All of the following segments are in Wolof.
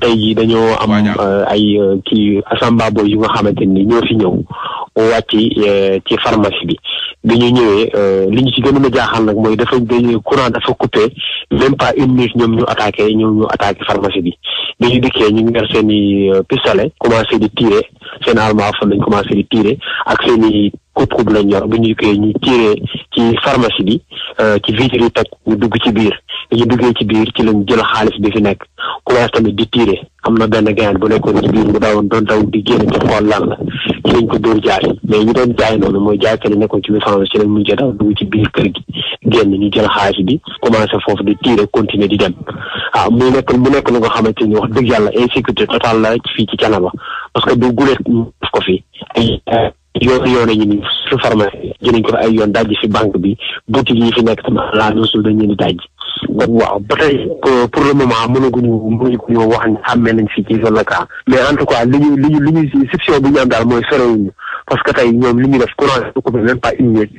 tey jii dañoo am euh, ay euh, kii asamba boy yu nga xamante ni ñoo fi ñëw wàcc euh, ci pharmacie bi bi ñu ñëwee li ñu ci gën a jaaxal nag mooy dafa courant dafa coupé même pas une minute ñoom ñu attaqué ñoom ñu attaque pharmacie bi bi ñu dikkee ñu ngi yor seen i pistolet commencé di tirer seen arme à lañ commencé di tirer ak seen i coupe-coupe lañ yor bi ñu dikkee ñu tirer ci pharmacie bi ci vitre yi toj ñu dugg ci biir bi ñu duggee ci biir ci lañ jël xaalis bi fi nekk commencé tamit di tiire am na benn gaañ bu nekkoon ci biir bu daawoon doon daw di génn ci xool lan la ci lañ ko dóor jaay mooy jaay kenn nekkoon ci biir fan ci lañ mujjee daw dugg ci biir jël xaalis bi commencé foofu di tiire continuer di dem waaw ah, muy nekk mu nekk lu nga xamante ni wax dëgg yàlla insécurité totale la fii ci Thiénaba parce que du guleet def ko fi yoon yoon ñu ni su pharmacie jëniñ ko ay yoon dajji fi banque bi boutique yi fi nekk tamit laa nosul dañu waaw ba tey pour le moment mënaguñu mënaguñu wax ni ne xàmmee nañ fii ci zone la cas mais en tout cas li ñu li ñu li ñu exception bi ñu am daal mooy sorewuñu parce que tey ñoom li ñu def courant coupé même pas une minute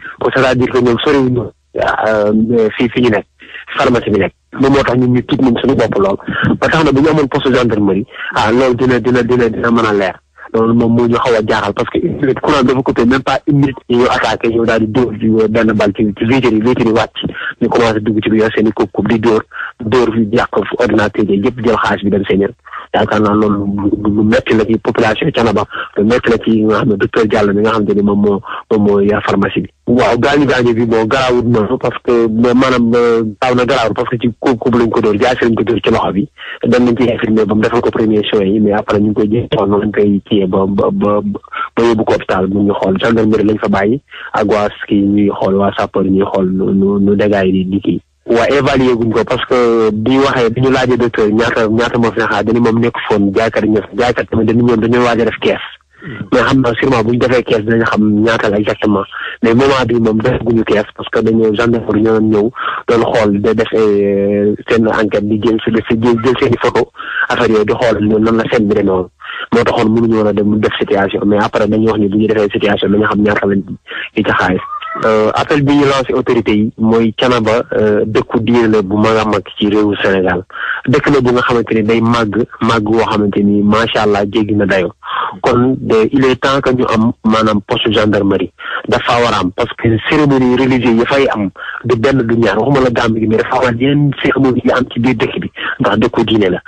cest euh, fii fi ñu nekk pharmacie bi nekk moom moo tax ñu ñu tiit nañ suñu bopp lool ba tax na bu ñu amoon poste gendarmerie ah loolu dina dina dina dina mën a leer loolu moom moo ñu xaw a parce que une minute courant dafa coupé même pas une minute ñu attaqué ñëw daal di dóor benn bal ci ci vitres yi vitres yi wàcc ñu commencé dugg ci biir seen i coupe coupe di dóor dóor fi yàq ordinateur yi yëpp jël xaalis bi dem seen yoon yaakaar naa loolu lu metti la ci population Thiénaba lu metti la ci nga xam ne docteur Diallo mi nga xam te ni moom moo moom moo yor pharmacie bi. waaw gaañu gaañu bi bon garaawut noonu parce que maanaam euh, ko dóor jaasi lañ ko dóor ci loxo ba mu defal ko premier soins yi mais après ñu koy jéem a xool noonu lañ koy ciyee ba ba ba ba yóbbu ko hôpital mu ngi xool gendarmerie lañ fa bàyyi ak waa ñuy xool waa sapeur ñuy xool nu nu nu dégâts yi di kii. waa évalué guñ ko parce que di waxee bi ñu laajee ñaata ñaata moo fi ne xaar dañu moom nekk foon jaaykat ñëf jaaykat tamit dañu ñoom hmm. xam naa sûrement ñu defee kees dinañ xam ñaata la exactement mais moment bi moom defaguñu parce que dañoo gendarmerie ñoo xool def eh, seen enquête di jël si jël seen i photo affaire yooyu di xool nan la seen bi demee woon moo taxoon mënuñu woon a dem def situation mais après dañuy wax ni bu defee situation dañu xam ñaata la li ca xaalis Euh, appel bi ñu lancé autorité yi mooy Thiénaba euh, dëkku diine la bu mag a mag ci réewu Sénégal dëkk la bu nga xamante ni day màgg màgg woo xamante ni macha allah jéggi na dayoo kon il est temps que ñu am maanaam poste gendarmerie dafa war am parce que cérémonie religieuse yi fay am du benn du ñaar waxuma la gàmm gi mais dafa war yeneen cérémonie yi am ci biir dëkk bi ndax dëkku diine la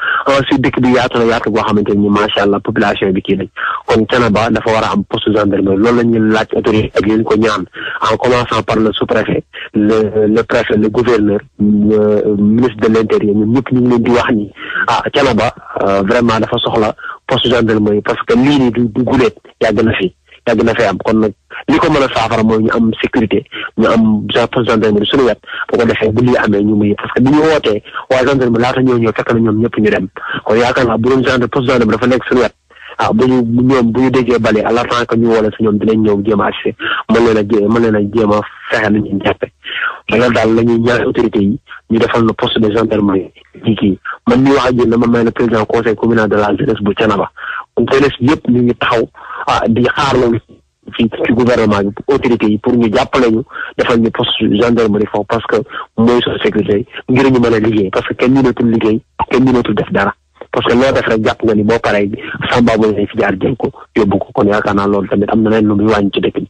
si dëkk bi yaatu na yaatu boo xamante ni macha allah population bi kii lañ kon Thiénaba dafa war a am poste gendarmerie loolu la ñuy laaj autorité ak yéen ko ñaan en commençant par le sous-préfet le le préfet le gouverneur le ministre de l'intérieur ñun ñëpp ñu ngi leen di wax ni ah Thiénaba vraiment dafa soxla poste gendarmerie parce que lii nii du du guleet yàgg na fi. yàgg na fee am kon nag li ko mën a saafara mooy ñu am sécurité ñu am genre gendarmerie suñu wet bu ko defee bu lii amee ñu muy parce que bi ñu wootee waa gendarmerie laata ñoo ñëw fekk na ñoom ñëpp ñu dem kon yaakaar naa bu doon dafa nekk suñu wet ah, ñu ñoom bu ñu déggee bale que ñu woole si ñoom dinañ ñëw jéem a agsi mën leen a jé a jéem a fexe nañ leen daal la ñuy ñaan autorité yi ñu defal na poste de gendarmerie yi kii man mii wax ak yéen dama may le président conseil communal de la jeunesse bu Thiénaba kon jeunesse bi yëpp ñu ngi taxaw ah di xaar loolu fii ci gouvernement bi autorité yi pour ñu jàppale ñu defal ñu poste gendarmerie foofu parce que mooy suñu sécurité ngir ñu mën a liggéey parce que kenn mënatul liggéey kenn mënatul def dara parce que loo def rek jàpp nga ni boo paree sàmbaabu lañ fi jaar jël ko yóbbu ko kon yaakaar naa loolu tamit am na leen lu muy wàññi ci dëkk bi.